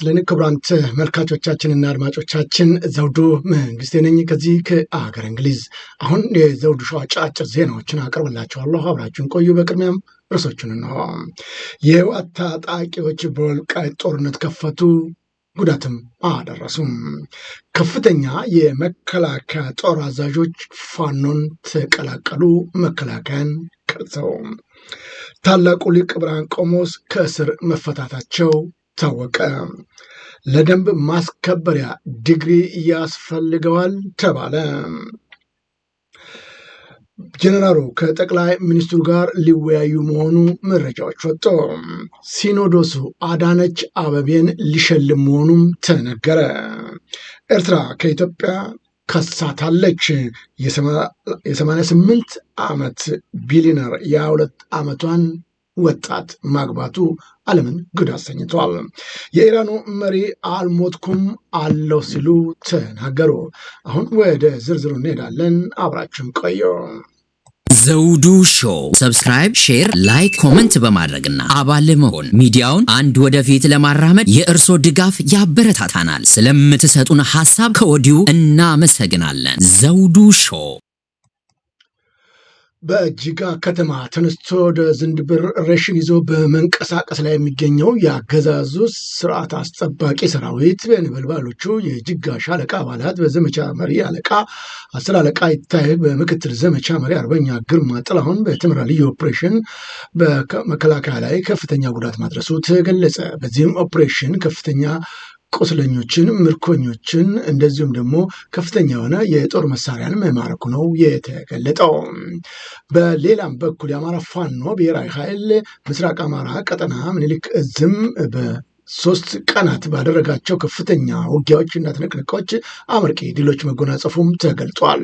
ይስጥልን ክቡራን ተመልካቾቻችንና አድማጮቻችን ዘውዱ መንግስቴ ነኝ ከዚህ ከአገር እንግሊዝ። አሁን የዘውዱ ሾው አጫጭር ዜናዎችን አቀርብላችኋለሁ። አብራችሁን ቆዩ። በቅድሚያም ርዕሶቹን እንሆ። የህወሓት ታጣቂዎች በወልቃይት ጦርነት ከፈቱ፣ ጉዳትም አደረሱም። ከፍተኛ የመከላከያ ጦር አዛዦች ፋኖን ተቀላቀሉ፣ መከላከያን ቀርተው ታላቁ ሊቅ ብርሃን ቆሞስ ከእስር መፈታታቸው ታወቀ። ለደንብ ማስከበሪያ ዲግሪ ያስፈልገዋል ተባለ። ጀነራሉ ከጠቅላይ ሚኒስትሩ ጋር ሊወያዩ መሆኑ መረጃዎች ወጡ። ሲኖዶሱ አዳነች አበቤን ሊሸልም መሆኑም ተነገረ። ኤርትራ ከኢትዮጵያ ከሳታለች። የ88 ዓመት ቢሊነር የ22 ዓመቷን ወጣት ማግባቱ ዓለምን ጉድ አሰኝተዋል። የኢራኑ መሪ አልሞትኩም አለው ሲሉ ተናገሩ። አሁን ወደ ዝርዝሩ እንሄዳለን። አብራችን ቆዩ። ዘውዱ ሾው ሰብስክራይብ፣ ሼር፣ ላይክ፣ ኮመንት በማድረግና አባል መሆን ሚዲያውን አንድ ወደፊት ለማራመድ የእርሶ ድጋፍ ያበረታታናል። ስለምትሰጡን ሀሳብ ከወዲሁ እናመሰግናለን። ዘውዱ ሾው በእጅጋ ከተማ ተነስቶ ወደ ዝንድብር ሬሽን ይዞ በመንቀሳቀስ ላይ የሚገኘው የአገዛዙ ስርዓት አስጠባቂ ሰራዊት በነበልባሎቹ የጅጋ ሻለቃ አባላት በዘመቻ መሪ አለቃ አስር አለቃ ይታይ፣ በምክትል ዘመቻ መሪ አርበኛ ግርማ ጥላሁን በትምራ ልዩ ኦፕሬሽን በመከላከያ ላይ ከፍተኛ ጉዳት ማድረሱ ተገለጸ። በዚህም ኦፕሬሽን ከፍተኛ ቁስለኞችን፣ ምርኮኞችን እንደዚሁም ደግሞ ከፍተኛ የሆነ የጦር መሳሪያን መማረኩ ነው የተገለጠው። በሌላም በኩል የአማራ ፋኖ ብሔራዊ ኃይል ምስራቅ አማራ ቀጠና ምኒልክ እዝም ሶስት ቀናት ባደረጋቸው ከፍተኛ ውጊያዎች እና ትንቅንቆች አመርቂ ድሎች መጎናጸፉም ተገልጧል።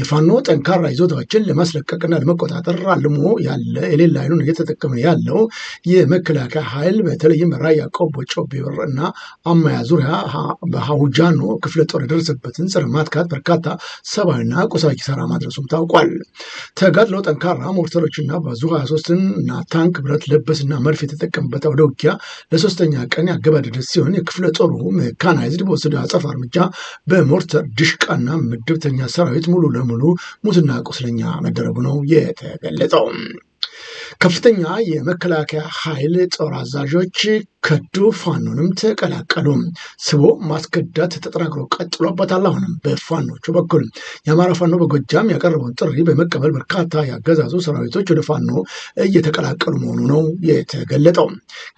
የፋኖ ጠንካራ ይዞታዎችን ለማስለቀቅና ለመቆጣጠር አልሞ ያለ የሌላ አይኑን እየተጠቀመ ያለው የመከላከያ ኃይል በተለይም ራያ ቆቦ፣ ጮቤ በር እና አማያ ዙሪያ በሀውጃኖ ክፍለ ጦር የደረሰበትን ጽር ማጥቃት በርካታ ሰብአዊና ቁሳዊ ኪሳራ ማድረሱም ታውቋል። ተጋድሎ ጠንካራ ሞርተሮችና ባዙ 23ን እና ታንክ ብረት ለበስና መድፍ የተጠቀምበት አውደ ውጊያ ለሶስተኛ ቀን ቀን ያገባደደ ሲሆን የክፍለ ጦሩ ሜካናይዝድ በወሰደ አጸፋ እርምጃ በሞርተር ድሽቃና ምድብተኛ ሰራዊት ሙሉ ለሙሉ ሙትና ቁስለኛ መደረጉ ነው የተገለጸው። ከፍተኛ የመከላከያ ኃይል ጦር አዛዦች ከዱ ፋኖንም ተቀላቀሉ። ስቦ ማስገዳት ተጠናክሮ ቀጥሎበታል። አሁንም በፋኖቹ በኩል የአማራ ፋኖ በጎጃም ያቀረበውን ጥሪ በመቀበል በርካታ ያገዛዙ ሰራዊቶች ወደ ፋኖ እየተቀላቀሉ መሆኑ ነው የተገለጠው።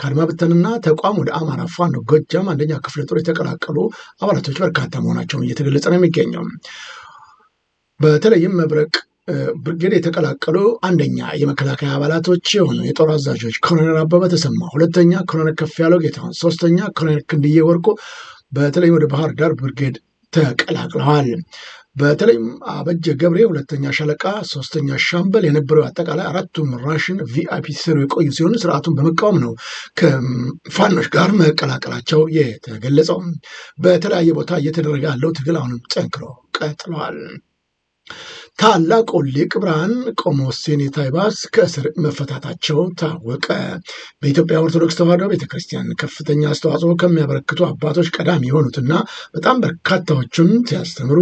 ከአድማ ብተንና ተቋም ወደ አማራ ፋኖ ጎጃም አንደኛ ክፍለ ጦር የተቀላቀሉ አባላቶች በርካታ መሆናቸውን እየተገለጸ ነው የሚገኘው በተለይም መብረቅ ብርጌድ የተቀላቀሉ አንደኛ የመከላከያ አባላቶች የሆኑ የጦር አዛዦች ኮሎኔል አበበ ተሰማ፣ ሁለተኛ ኮሎኔል ከፍ ያለው ጌታሁን፣ ሶስተኛ ኮሎኔል ክንድዬ ወርቆ በተለይም ወደ ባህር ዳር ብርጌድ ተቀላቅለዋል። በተለይም አበጀ ገብሬ ሁለተኛ ሻለቃ፣ ሶስተኛ ሻምበል የነበረው አጠቃላይ አራቱም ራሽን ቪአይፒ ሲሰሩ የቆዩ ሲሆኑ ስርዓቱን በመቃወም ነው ከፋኖች ጋር መቀላቀላቸው የተገለጸው። በተለያየ ቦታ እየተደረገ ያለው ትግል አሁንም ጠንክሮ ቀጥለዋል። ታላቁ ሊቅ ብርሃን ቆሞስ ሴኔታ ይባስ ከእስር መፈታታቸው ታወቀ። በኢትዮጵያ ኦርቶዶክስ ተዋሕዶ ቤተክርስቲያን ከፍተኛ አስተዋጽኦ ከሚያበረክቱ አባቶች ቀዳሚ የሆኑትና በጣም በርካታዎችም ሲያስተምሩ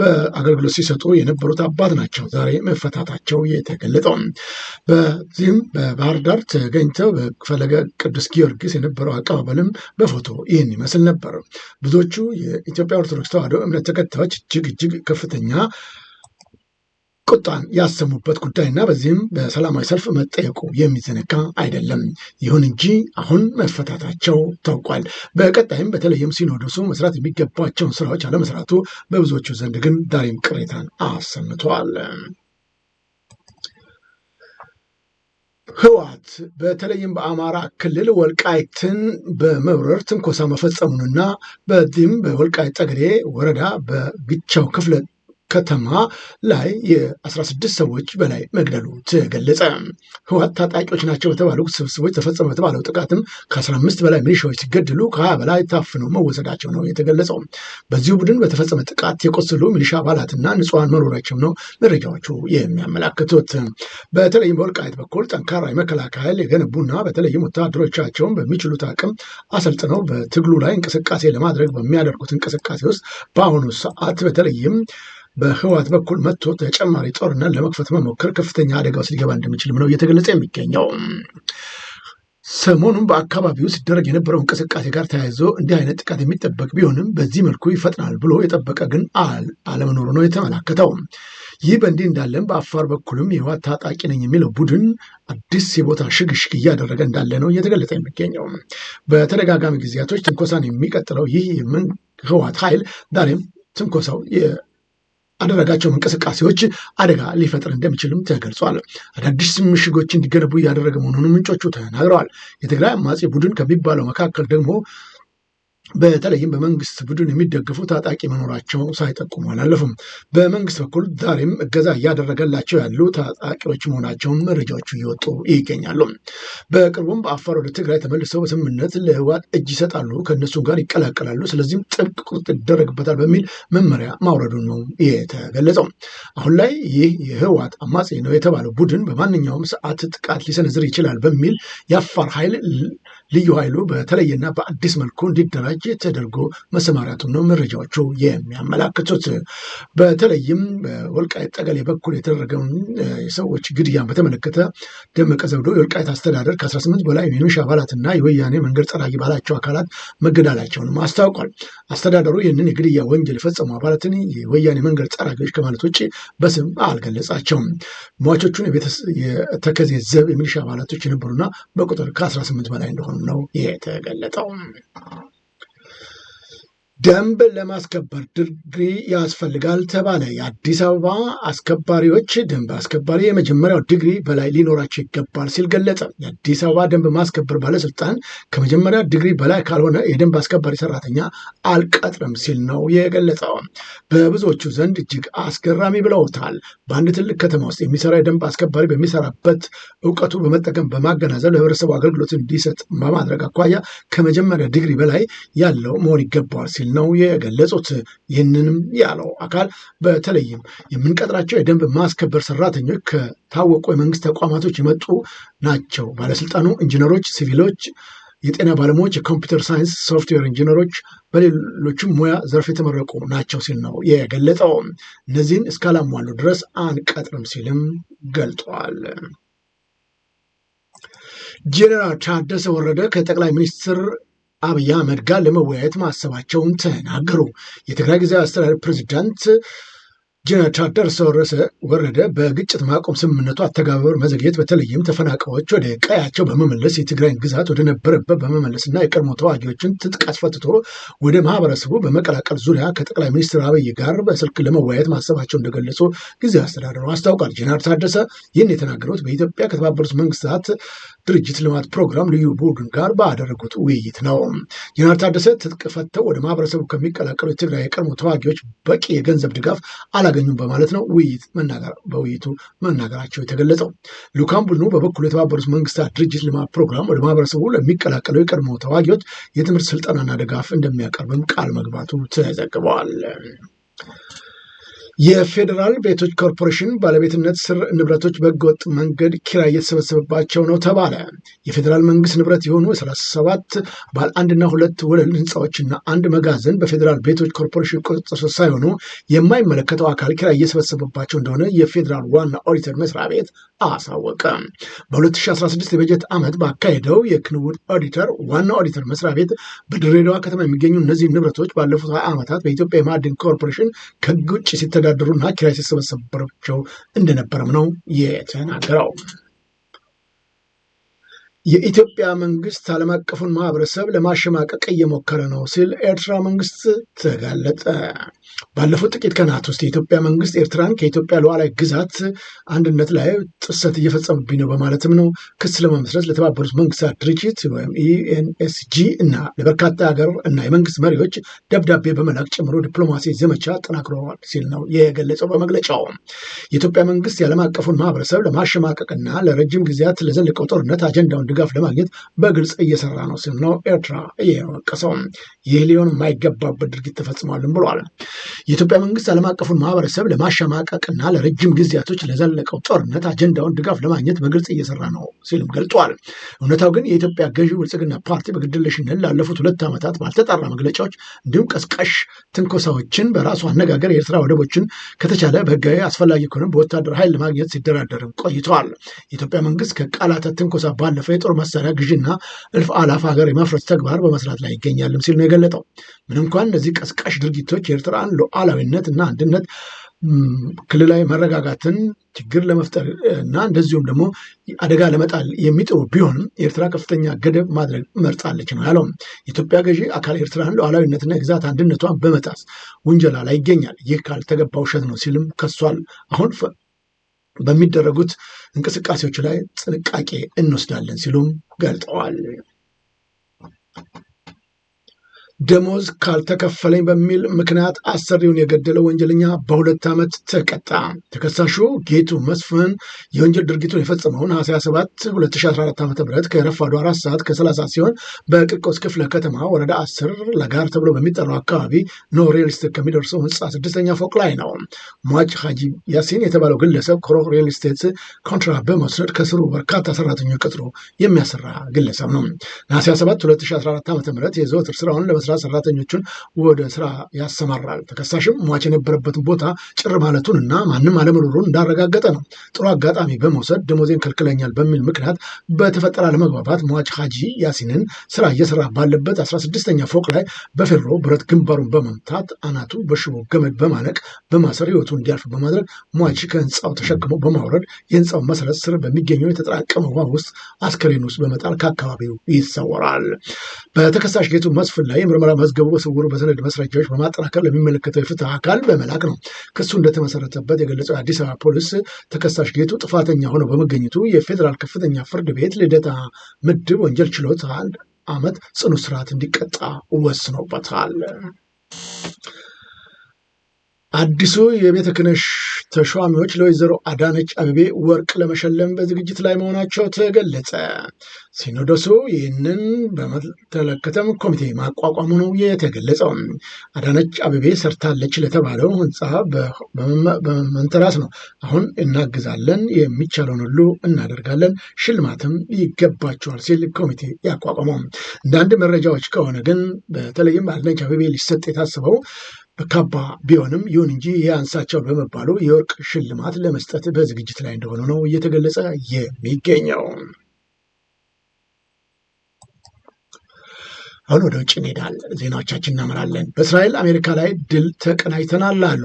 በአገልግሎት ሲሰጡ የነበሩት አባት ናቸው። ዛሬ መፈታታቸው የተገለጠው በዚህም በባህር ዳር ተገኝተው በፈለገ ቅዱስ ጊዮርጊስ የነበረው አቀባበልም በፎቶ ይህን ይመስል ነበር። ብዙዎቹ የኢትዮጵያ ኦርቶዶክስ ተዋሕዶ እምነት ተከታዮች እጅግ እጅግ ከፍተኛ ቁጣን ያሰሙበት ጉዳይና በዚህም በሰላማዊ ሰልፍ መጠየቁ የሚዘነጋ አይደለም። ይሁን እንጂ አሁን መፈታታቸው ታውቋል። በቀጣይም በተለይም ሲኖዶሱ መስራት የሚገባቸውን ስራዎች አለመስራቱ በብዙዎቹ ዘንድ ግን ዳሬም ቅሬታን አሰምተዋል። ህወሓት በተለይም በአማራ ክልል ወልቃይትን በመብረር ትንኮሳ መፈጸሙንና በዚህም በወልቃይት ጠገዴ ወረዳ በግቻው ክፍለ ከተማ ላይ የ16 ሰዎች በላይ መግደሉ ተገለጸ። ህወሓት ታጣቂዎች ናቸው በተባሉ ስብስቦች ተፈጸመ በተባለው ጥቃትም ከ15 በላይ ሚሊሻዎች ሲገደሉ ከ20 በላይ ታፍነው መወሰዳቸው ነው የተገለጸው። በዚሁ ቡድን በተፈጸመ ጥቃት የቆሰሉ ሚሊሻ አባላትና ንጹሐን መኖራቸው ነው መረጃዎቹ የሚያመላክቱት። በተለይም በወልቃይት በኩል ጠንካራ የመከላከያ ኃይል የገነቡና በተለይም ወታደሮቻቸውን በሚችሉት አቅም አሰልጥነው በትግሉ ላይ እንቅስቃሴ ለማድረግ በሚያደርጉት እንቅስቃሴ ውስጥ በአሁኑ ሰዓት በተለይም በህወሓት በኩል መጥቶ ተጨማሪ ጦርነት ለመክፈት መሞከር ከፍተኛ አደጋ ውስጥ ሊገባ እንደሚችልም ነው እየተገለጸ የሚገኘው። ሰሞኑን በአካባቢው ሲደረግ የነበረው እንቅስቃሴ ጋር ተያይዞ እንዲህ አይነት ጥቃት የሚጠበቅ ቢሆንም በዚህ መልኩ ይፈጥናል ብሎ የጠበቀ ግን አለመኖሩ ነው የተመላከተው። ይህ በእንዲህ እንዳለም በአፋር በኩልም የህወሓት ታጣቂ ነኝ የሚለው ቡድን አዲስ የቦታ ሽግሽግ እያደረገ እንዳለ ነው እየተገለጸ የሚገኘው። በተደጋጋሚ ጊዜያቶች ትንኮሳን የሚቀጥለው ይህ ህወሓት ኃይል ዛሬም ትንኮሳው አደረጋቸው እንቅስቃሴዎች አደጋ ሊፈጥር እንደሚችልም ተገልጿል። አዳዲስ ምሽጎች እንዲገነቡ እያደረገ መሆኑን ምንጮቹ ተናግረዋል። የትግራይ አማጺ ቡድን ከሚባለው መካከል ደግሞ በተለይም በመንግስት ቡድን የሚደግፉ ታጣቂ መኖራቸው ሳይጠቁሙ አላለፉም። በመንግስት በኩል ዛሬም እገዛ እያደረገላቸው ያሉ ታጣቂዎች መሆናቸውን መረጃዎቹ እየወጡ ይገኛሉ። በቅርቡም በአፋር ወደ ትግራይ ተመልሰው በስምምነት ለህወሓት እጅ ይሰጣሉ፣ ከእነሱ ጋር ይቀላቀላሉ፣ ስለዚህም ጥብቅ ቁጥጥር ይደረግበታል በሚል መመሪያ ማውረዱን ነው የተገለጸው። አሁን ላይ ይህ የህወሓት አማጺ ነው የተባለው ቡድን በማንኛውም ሰዓት ጥቃት ሊሰነዝር ይችላል በሚል የአፋር ኃይል ልዩ ኃይሉ በተለየና በአዲስ መልኩ እንዲደራጅ ተደርጎ መሰማራቱም ነው መረጃዎቹ የሚያመላክቱት። በተለይም በወልቃይት ጠገሌ በኩል የተደረገውን የሰዎች ግድያን በተመለከተ ደመቀ ዘውዶ የወልቃይት አስተዳደር ከ18 በላይ የሚሊሻ አባላትና የወያኔ መንገድ ጸራጊ ባላቸው አካላት መገዳላቸውን አስታውቋል። አስተዳደሩ ይህንን የግድያ ወንጀል የፈጸሙ አባላትን የወያኔ መንገድ ጸራጊዎች ከማለት ውጭ በስም አልገለጻቸውም። ሟቾቹን የተከዜ ዘብ የሚሊሻ አባላቶች የነበሩና በቁጥር ከ18 በላይ እንደሆኑ መሆኑን ነው የተገለጠው። ደንብ ለማስከበር ድግሪ ያስፈልጋል ተባለ። የአዲስ አበባ አስከባሪዎች ደንብ አስከባሪ የመጀመሪያው ድግሪ በላይ ሊኖራቸው ይገባል ሲል ገለጸ። የአዲስ አበባ ደንብ ማስከበር ባለስልጣን ከመጀመሪያ ዲግሪ በላይ ካልሆነ የደንብ አስከባሪ ሰራተኛ አልቀጥርም ሲል ነው የገለጸው። በብዙዎቹ ዘንድ እጅግ አስገራሚ ብለውታል። በአንድ ትልቅ ከተማ ውስጥ የሚሰራ የደንብ አስከባሪ በሚሰራበት እውቀቱ በመጠቀም በማገናዘብ ለህብረተሰቡ አገልግሎት እንዲሰጥ በማድረግ አኳያ ከመጀመሪያ ድግሪ በላይ ያለው መሆን ይገባዋል ሲል ሲል ነው የገለጹት። ይህንንም ያለው አካል በተለይም የምንቀጥራቸው የደንብ ማስከበር ሰራተኞች ከታወቁ የመንግስት ተቋማቶች የመጡ ናቸው። ባለስልጣኑ ኢንጂነሮች፣ ሲቪሎች የጤና ባለሙያዎች፣ የኮምፒውተር ሳይንስ፣ ሶፍትዌር ኢንጂነሮች በሌሎችም ሙያ ዘርፍ የተመረቁ ናቸው ሲል ነው የገለጠው። እነዚህን እስካላሟሉ ድረስ አንቀጥርም ሲልም ገልጠዋል። ጄኔራል ታደሰ ወረደ ከጠቅላይ ሚኒስትር አብይ አህመድ ጋር ለመወያየት ማሰባቸውን ተናገሩ። የትግራይ ጊዜያዊ አስተዳደር ፕሬዚዳንት ጄኔራል ሰው ርዕሰ ወረደ በግጭት ማቆም ስምምነቱ አተገባበር መዘግየት በተለይም ተፈናቃዮች ወደ ቀያቸው በመመለስ የትግራይን ግዛት ወደ ነበረበት በመመለስና የቀድሞ ተዋጊዎችን ትጥቅ አስፈትቶ ወደ ማህበረሰቡ በመቀላቀል ዙሪያ ከጠቅላይ ሚኒስትር አብይ ጋር በስልክ ለመወያየት ማሰባቸው እንደገለጹ ጊዜ አስተዳደሩ አስታውቋል። ጄኔራል ታደሰ ይህን የተናገሩት በኢትዮጵያ ከተባበሩት መንግስታት ድርጅት ልማት ፕሮግራም ልዩ ቡድን ጋር ባደረጉት ውይይት ነው። ጄኔራል ታደሰ ትጥቅ ፈተው ወደ ማህበረሰቡ ከሚቀላቀሉ የትግራይ የቀድሞ ተዋጊዎች በቂ የገንዘብ ድጋፍ አላገ አላገኙም በማለት ነው ውይይት መናገር በውይይቱ መናገራቸው የተገለጸው። ልዑካን ቡድኑ በበኩሉ የተባበሩት መንግስታት ድርጅት ልማት ፕሮግራም ወደ ማህበረሰቡ ለሚቀላቀለው የቀድሞ ተዋጊዎች የትምህርት ስልጠናና ድጋፍ እንደሚያቀርብም ቃል መግባቱ ተዘግበዋል። የፌዴራል ቤቶች ኮርፖሬሽን ባለቤትነት ስር ንብረቶች በህገወጥ መንገድ ኪራይ እየተሰበሰበባቸው ነው ተባለ። የፌዴራል መንግስት ንብረት የሆኑ የ37 ባለ አንድና ሁለት ወለል ህንፃዎችና አንድ መጋዘን በፌዴራል ቤቶች ኮርፖሬሽን ቁጥጥር ስር ሳይሆኑ የማይመለከተው አካል ኪራይ እየሰበሰበባቸው እንደሆነ የፌዴራል ዋና ኦዲተር መስሪያ ቤት አሳወቀ። በ2016 የበጀት ዓመት ባካሄደው የክንውን ኦዲተር ዋና ኦዲተር መስሪያ ቤት በድሬዳዋ ከተማ የሚገኙ እነዚህ ንብረቶች ባለፉት ሀያ ዓመታት በኢትዮጵያ የማዕድን ኮርፖሬሽን ከህግ ውጭ ሲተዳደሩና ኪራይ ሲሰበሰብባቸው እንደነበረም ነው የተናገረው። የኢትዮጵያ መንግስት ዓለም አቀፉን ማህበረሰብ ለማሸማቀቅ እየሞከረ ነው ሲል ኤርትራ መንግስት ተጋለጠ። ባለፉት ጥቂት ቀናት ውስጥ የኢትዮጵያ መንግስት ኤርትራን ከኢትዮጵያ ሉዓላዊ ግዛት አንድነት ላይ ጥሰት እየፈጸሙብኝ ነው በማለትም ነው ክስ ለመመስረት ለተባበሩት መንግስታት ድርጅት ወይም ኢኤንኤስጂ e እና ለበርካታ ሀገር እና የመንግስት መሪዎች ደብዳቤ በመላክ ጨምሮ ዲፕሎማሲ ዘመቻ ጠናክረዋል ሲል ነው የገለጸው። በመግለጫው የኢትዮጵያ መንግስት የዓለም አቀፉን ማህበረሰብ ለማሸማቀቅና ለረጅም ጊዜያት ለዘለቀው ጦርነት አጀንዳውን ድጋፍ ለማግኘት በግልጽ እየሰራ ነው ሲል ነው ኤርትራ እየወቀሰው። ይህ ሊሆን የማይገባበት ድርጊት ተፈጽሟልን ብሏል። የኢትዮጵያ መንግስት ዓለም አቀፉን ማህበረሰብ ለማሸማቀቅና ለረጅም ጊዜያቶች ለዘለቀው ጦርነት አጀንዳውን ድጋፍ ለማግኘት በግልጽ እየሰራ ነው ሲልም ገልጿል። እውነታው ግን የኢትዮጵያ ገዢ ብልጽግና ፓርቲ በግድለሽነት ላለፉት ሁለት ዓመታት ባልተጣራ መግለጫዎች እንዲሁም ቀስቃሽ ትንኮሳዎችን በራሱ አነጋገር የኤርትራ ወደቦችን ከተቻለ በህጋዊ አስፈላጊ ከሆነ በወታደር ኃይል ለማግኘት ሲደራደርም ቆይተዋል። የኢትዮጵያ መንግስት ከቃላት ትንኮሳ ባለፈ የጦር መሳሪያ ግዥና እልፍ አላፍ ሀገር የማፍረስ ተግባር በመስራት ላይ ይገኛልም ሲል ነው የገለጠው። ምን እንኳን እነዚህ ቀስቃሽ ድርጊቶች የኤርትራን ሉዓላዊነት እና አንድነት ክልላዊ መረጋጋትን ችግር ለመፍጠር እና እንደዚሁም ደግሞ አደጋ ለመጣል የሚጥሩ ቢሆንም ኤርትራ ከፍተኛ ገደብ ማድረግ መርጣለች ነው ያለው። የኢትዮጵያ ገዢ አካል ኤርትራን ሉዓላዊነትና የግዛት አንድነቷን በመጣስ ውንጀላ ላይ ይገኛል። ይህ ካልተገባ ውሸት ነው ሲልም ከሷል። አሁን በሚደረጉት እንቅስቃሴዎች ላይ ጥንቃቄ እንወስዳለን ሲሉም ገልጠዋል። ደሞዝ ካልተከፈለኝ በሚል ምክንያት አሰሪውን የገደለው ወንጀለኛ በሁለት ዓመት ተቀጣ። ተከሳሹ ጌቱ መስፍን የወንጀል ድርጊቱን የፈጸመውን ሐምሌ 27 2014 ዓ.ም ከረፋዱ አራት ሰዓት ከ30 ሲሆን በቅቆስ ክፍለ ከተማ ወረዳ 10 ለጋር ተብሎ በሚጠራው አካባቢ ኖሬል ከሚደርሰው ህንፃ ስድስተኛ ፎቅ ላይ ነው። ሟች ሀጂ ያሲን የተባለው ግለሰብ ኮሮ ሪልስቴት ኮንትራ በመውሰድ ከስሩ በርካታ ሰራተኞች ቀጥሮ የሚያሰራ ግለሰብ ነው። ሐምሌ 27 2014 ዓ.ም የዘወትር ስራውን ስራ ሰራተኞቹን ወደ ስራ ያሰማራል። ተከሳሽም ሟች የነበረበትን ቦታ ጭር ማለቱን እና ማንም አለመኖሩን እንዳረጋገጠ ነው። ጥሩ አጋጣሚ በመውሰድ ደሞዜን ከልክለኛል በሚል ምክንያት በተፈጠረ አለመግባባት ሟች ሀጂ ያሲንን ስራ እየሰራ ባለበት አስራ ስድስተኛ ፎቅ ላይ በፌሮ ብረት ግንባሩን በመምታት አናቱ በሽቦ ገመድ በማለቅ በማሰር ህይወቱ እንዲያልፍ በማድረግ ሟች ከህንፃው ተሸክሞ በማውረድ የህንፃው መሰረት ስር በሚገኘው የተጠራቀመ ውሃ ውስጥ አስከሬን ውስጥ በመጣል ከአካባቢው ይሰወራል። በተከሳሽ ጌቱ መስፍን ላይ የምርመራ መዝገቡ በስውሩ በሰነድ ማስረጃዎች በማጠናከር ለሚመለከተው የፍትህ አካል በመላክ ነው። ክሱ እንደተመሰረተበት የገለጸው የአዲስ አበባ ፖሊስ ተከሳሽ ጌቱ ጥፋተኛ ሆነው በመገኘቱ የፌዴራል ከፍተኛ ፍርድ ቤት ልደታ ምድብ ወንጀል ችሎት አንድ ዓመት ጽኑ ስርዓት እንዲቀጣ ወስኖበታል። አዲሱ የቤተ ክህነት ተሿሚዎች ለወይዘሮ አዳነች አቤቤ ወርቅ ለመሸለም በዝግጅት ላይ መሆናቸው ተገለጸ። ሲኖዶሱ ይህንን በመተለከተም ኮሚቴ ማቋቋሙ ነው የተገለጸው። አዳነች አቤቤ ሰርታለች ለተባለው ህንፃ በመንተራስ ነው አሁን እናግዛለን፣ የሚቻለውን ሁሉ እናደርጋለን፣ ሽልማትም ይገባቸዋል ሲል ኮሚቴ ያቋቋመው። እንዳንድ መረጃዎች ከሆነ ግን በተለይም አዳነች አቤቤ ሊሰጥ የታሰበው ከባ ቢሆንም ይሁን እንጂ የአንሳቸው በመባሉ የወርቅ ሽልማት ለመስጠት በዝግጅት ላይ እንደሆነ ነው እየተገለጸ የሚገኘው። አሁን ወደ ውጭ እንሄዳለን። ዜናዎቻችን እናመራለን። በእስራኤል አሜሪካ ላይ ድል ተቀናጅተናል አሉ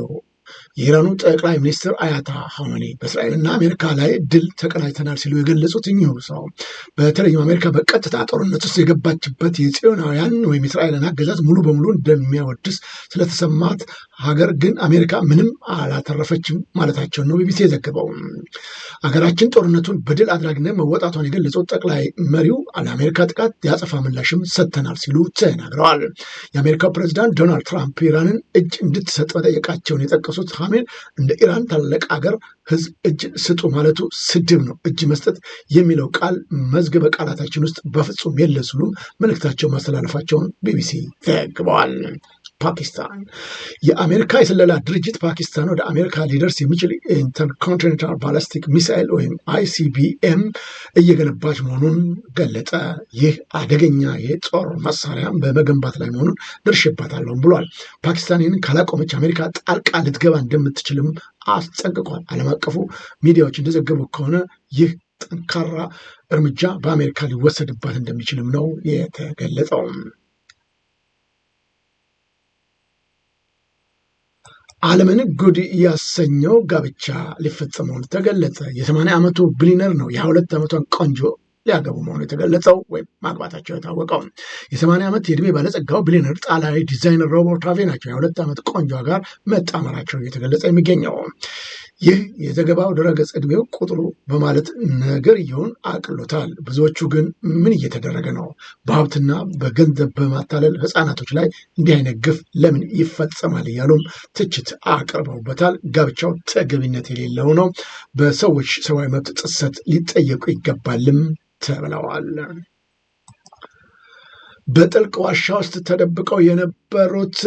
የኢራኑ ጠቅላይ ሚኒስትር አያታ ሀማኒ በእስራኤልና አሜሪካ ላይ ድል ተቀናጅተናል ሲሉ የገለጹት እኚሁ ሰው በተለይም አሜሪካ በቀጥታ ጦርነት ውስጥ የገባችበት የጽዮናውያን ወይም የእስራኤልን አገዛዝ ሙሉ በሙሉ እንደሚያወድስ ስለተሰማት ሀገር ግን አሜሪካ ምንም አላተረፈችም ማለታቸውን ነው ቢቢሲ የዘገበው። ሀገራችን ጦርነቱን በድል አድራጊነት መወጣቷን የገለጹት ጠቅላይ መሪው ለአሜሪካ ጥቃት የአጸፋ ምላሽም ሰጥተናል ሲሉ ተናግረዋል። የአሜሪካው ፕሬዚዳንት ዶናልድ ትራምፕ ኢራንን እጅ እንድትሰጥ መጠየቃቸውን የጠቀሱት ፋሚል እንደ ኢራን ታላቅ ሀገር ህዝብ እጅ ስጡ ማለቱ ስድብ ነው። እጅ መስጠት የሚለው ቃል መዝገበ ቃላታችን ውስጥ በፍጹም የለ ሲሉም መልእክታቸው ማስተላለፋቸውን ቢቢሲ ዘግበዋል። ፓኪስታን የአሜሪካ የስለላ ድርጅት ፓኪስታን ወደ አሜሪካ ሊደርስ የሚችል ኢንተርኮንቲኔንታል ባላስቲክ ሚሳይል ወይም አይሲቢኤም እየገነባች መሆኑን ገለጠ። ይህ አደገኛ የጦር መሳሪያም በመገንባት ላይ መሆኑን ደርሼባታለሁም ብሏል። ፓኪስታን ይህንን ካላቆመች አሜሪካ ጣልቃ ልትገባ እንደምትችልም አስጠንቅቋል። ዓለም አቀፉ ሚዲያዎች እንደዘገቡ ከሆነ ይህ ጠንካራ እርምጃ በአሜሪካ ሊወሰድባት እንደሚችልም ነው የተገለጸው። ዓለምን ጉድ ያሰኘው ጋብቻ ሊፈጸም መሆኑ ተገለጸ። የሰማንያ ዓመቱ ቢሊነር ነው የ22 ዓመቷን ቆንጆ ሊያገቡ መሆኑ የተገለጸው ወይም ማግባታቸው የታወቀው የሰማንያ ዓመት የዕድሜ ባለጸጋው ቢሊነር ጣሊያዊ ዲዛይነር ሮበርት ሃቬ ናቸው የሁለት ዓመት ቆንጆ ጋር መጣመራቸው እየተገለጸ የሚገኘው ይህ የዘገባው ድረገጽ እድሜው ቁጥሩ በማለት ነገር እየሆን አቅሎታል። ብዙዎቹ ግን ምን እየተደረገ ነው? በሀብትና በገንዘብ በማታለል ህፃናቶች ላይ እንዲህ አይነት ግፍ ለምን ይፈጸማል? እያሉም ትችት አቅርበውበታል። ጋብቻው ተገቢነት የሌለው ነው፣ በሰዎች ሰብአዊ መብት ጥሰት ሊጠየቁ ይገባልም ተብለዋል። በጥልቅ ዋሻ ውስጥ ተደብቀው የነበሩት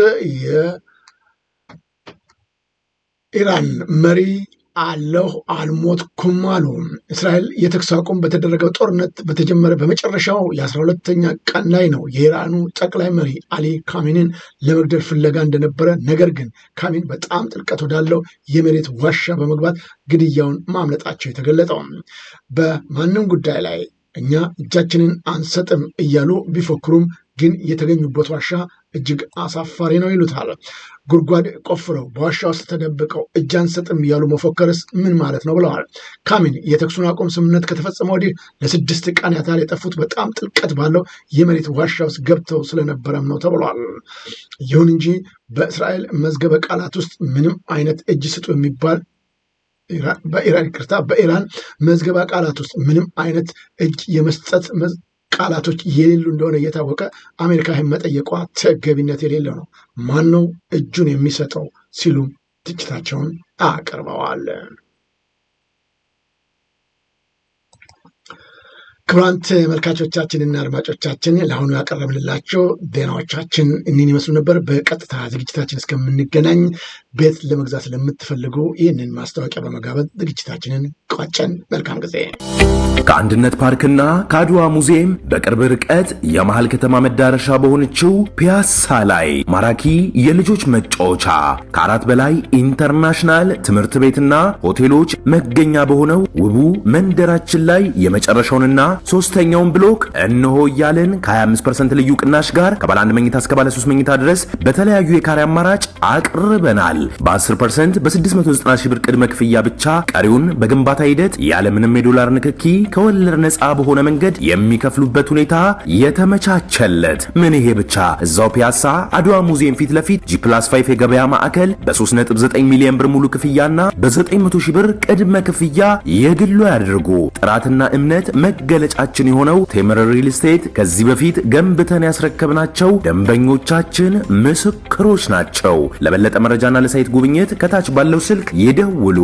ኢራን መሪ አለሁ አልሞትኩም አሉ። እስራኤል የተኩስ አቁም በተደረገው ጦርነት በተጀመረ በመጨረሻው የአስራ ሁለተኛ ቀን ላይ ነው የኢራኑ ጠቅላይ መሪ አሊ ካሜኒን ለመግደል ፍለጋ እንደነበረ፣ ነገር ግን ካሜን በጣም ጥልቀት ወዳለው የመሬት ዋሻ በመግባት ግድያውን ማምለጣቸው የተገለጠው በማንም ጉዳይ ላይ እኛ እጃችንን አንሰጥም እያሉ ቢፎክሩም ግን የተገኙበት ዋሻ እጅግ አሳፋሪ ነው ይሉታል። ጉድጓድ ቆፍረው በዋሻ ውስጥ ተደብቀው እጅ አንሰጥም እያሉ መፎከርስ ምን ማለት ነው ብለዋል። ካሚን የተኩሱን አቁም ስምምነት ከተፈጸመ ወዲህ ለስድስት ቀን ያታል የጠፉት በጣም ጥልቀት ባለው የመሬት ዋሻ ውስጥ ገብተው ስለነበረም ነው ተብሏል። ይሁን እንጂ በእስራኤል መዝገበ ቃላት ውስጥ ምንም አይነት እጅ ስጡ የሚባል በኢራን ቅርታ በኢራን መዝገበ ቃላት ውስጥ ምንም አይነት እጅ የመስጠት ቃላቶች የሌሉ እንደሆነ እየታወቀ አሜሪካ ይህን መጠየቋ ተገቢነት የሌለው ነው። ማን ነው እጁን የሚሰጠው ሲሉ ትችታቸውን አቅርበዋል። ክቡራን ተመልካቾቻችንና አድማጮቻችን ለአሁኑ ያቀረብንላቸው ዜናዎቻችን እኒህን ይመስሉ ነበር። በቀጥታ ዝግጅታችን እስከምንገናኝ ቤት ለመግዛት ለምትፈልጉ ይህንን ማስታወቂያ በመጋበዝ ዝግጅታችንን ቋጨን። መልካም ጊዜ። ከአንድነት ፓርክና ከአድዋ ሙዚየም በቅርብ ርቀት የመሃል ከተማ መዳረሻ በሆነችው ፒያሳ ላይ ማራኪ የልጆች መጫወቻ ከአራት በላይ ኢንተርናሽናል ትምህርት ቤትና ሆቴሎች መገኛ በሆነው ውቡ መንደራችን ላይ የመጨረሻውንና ሶስተኛውን ብሎክ እነሆ እያልን ከ25 ልዩ ቅናሽ ጋር ከባለ አንድ መኝታ እስከ ባለ ሶስት መኝታ ድረስ በተለያዩ የካሬ አማራጭ አቅርበናል። በ10 ፐርሰንት በ690 ሺህ ብር ቅድመ ክፍያ ብቻ ቀሪውን በግንባታ ሂደት ያለምንም የዶላር ንክኪ ከወለድ ነፃ በሆነ መንገድ የሚከፍሉበት ሁኔታ የተመቻቸለት። ምን ይሄ ብቻ! እዛው ፒያሳ አድዋ ሙዚየም ፊት ለፊት ጂፕላስ 5 የገበያ ማዕከል በ3.9 ሚሊዮን ብር ሙሉ ክፍያና በ900 ሺህ ብር ቅድመ ክፍያ የግሉ ያድርጉ። ጥራትና እምነት መገለጫችን የሆነው ቴምር ሪል ስቴት ከዚህ በፊት ገንብተን ያስረከብናቸው ደንበኞቻችን ምስክሮች ናቸው። ለበለጠ መረጃና ሳይት ጉብኝት ከታች ባለው ስልክ ይደውሉ።